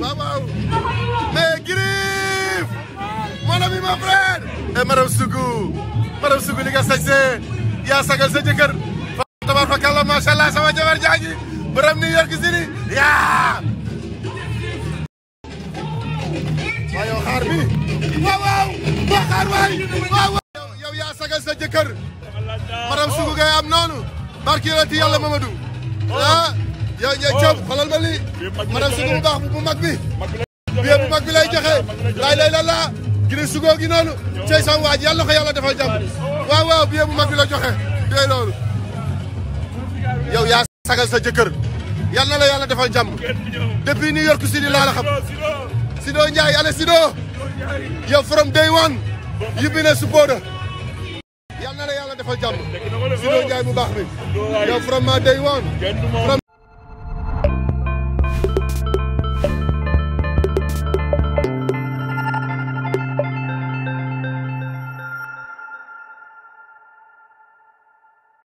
waaw waaw mais Griff mon ami mon frère e eh, Maram Sougou Maram Sougou li nga sañse yaa sagal sa jëkkër fa tabaarkalla macha allah sama jabar jaaji borom New York City yaa waaw yow xaar bi waaw waaw boo xaar waay waaw waaw yow yaa sagal sa jëkkër Maram Sougou ngay am noonu barki yonent yàlla Mamadou ah yow ñooy coob xoolal ma lii maanaam sugu bu baax bu mag bi biee bu mag bi lay joxe laay lay la laa giri sugoo gi noonu cey sam waaj yàlla ko yàlla defal jàmm waaw waaw biee bu mag bi la joxe dee loolu yow yaa sagal sa jëkkër yàlla na la yàlla defal jàmm depuis New York City laa la xam Sido Ndiaye ale Sido from day one you been a defal jàmm. Sido Ndiaye bu baax bi yow vraiment day waan.